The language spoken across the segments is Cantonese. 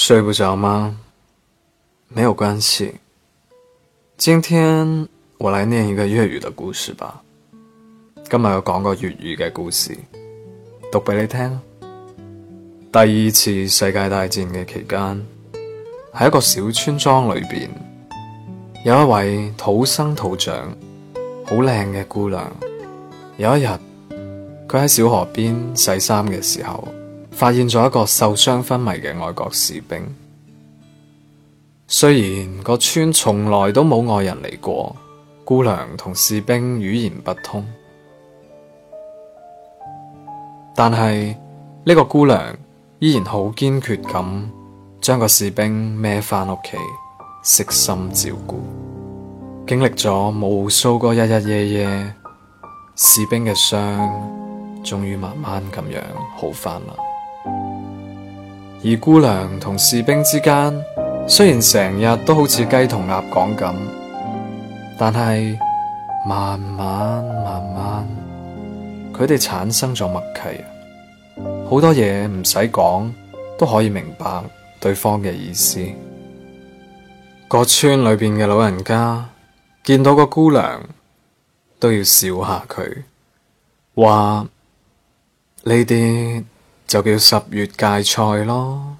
睡不着嗎？沒有關係。今天我來念一個粵語的故事吧。今日我講個粵語嘅故事，讀俾你聽。第二次世界大戰嘅期間，喺一個小村莊裏面，有一位土生土長、好靚嘅姑娘。有一日，佢喺小河邊洗衫嘅時候，發現咗一個受傷昏迷嘅外國士兵，雖然個村從來都冇外人嚟過，姑娘同士兵語言不通，但係呢個姑娘依然好堅決咁將個士兵孭返屋企，悉心照顧，經歷咗無數個日日夜夜，士兵嘅傷終於慢慢咁樣好翻啦。而姑娘同士兵之間雖然成日都好似雞同鴨講咁，但係慢慢慢慢，佢哋產生咗默契，好多嘢唔使講都可以明白對方嘅意思。個村裏邊嘅老人家見到個姑娘都要笑下佢，話你哋……」就叫十月芥菜咯。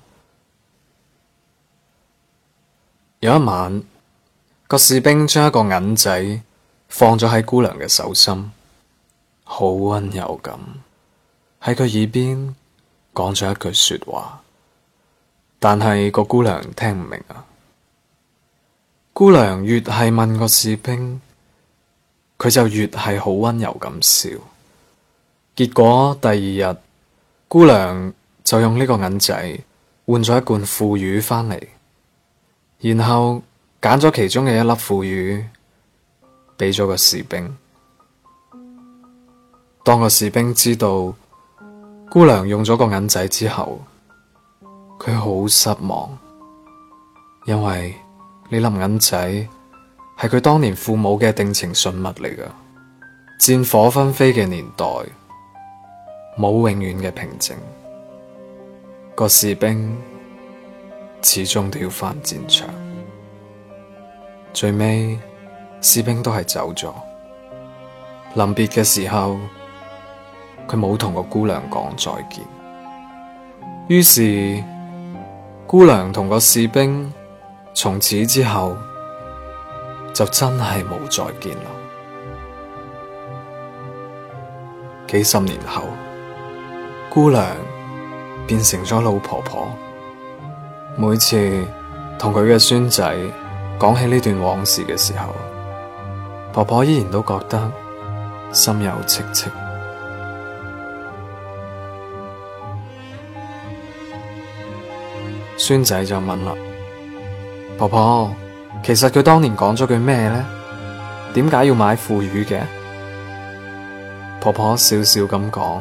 有一晚，個士兵將一個銀仔放咗喺姑娘嘅手心，好溫柔咁喺佢耳邊講咗一句說話，但係個姑娘聽唔明啊。姑娘越係問個士兵，佢就越係好溫柔咁笑。結果第二日。姑娘就用呢個銀仔換咗一罐腐乳翻嚟，然後揀咗其中嘅一粒腐乳，俾咗個士兵。當個士兵知道姑娘用咗個銀仔之後，佢好失望，因為呢粒銀仔係佢當年父母嘅定情信物嚟㗎。戰火紛飛嘅年代。冇永遠嘅平靜，個士兵始終都要返戰場。最尾，士兵都係走咗。臨別嘅時候，佢冇同個姑娘講再見。於是，姑娘同個士兵從此之後就真係冇再見啦。幾十年後。姑娘變成咗老婆婆，每次同佢嘅孫仔講起呢段往事嘅時候，婆婆依然都覺得心有戚戚。孫仔就問啦：婆婆，其實佢當年講咗句咩咧？點解要買腐乳嘅？婆婆笑笑咁講。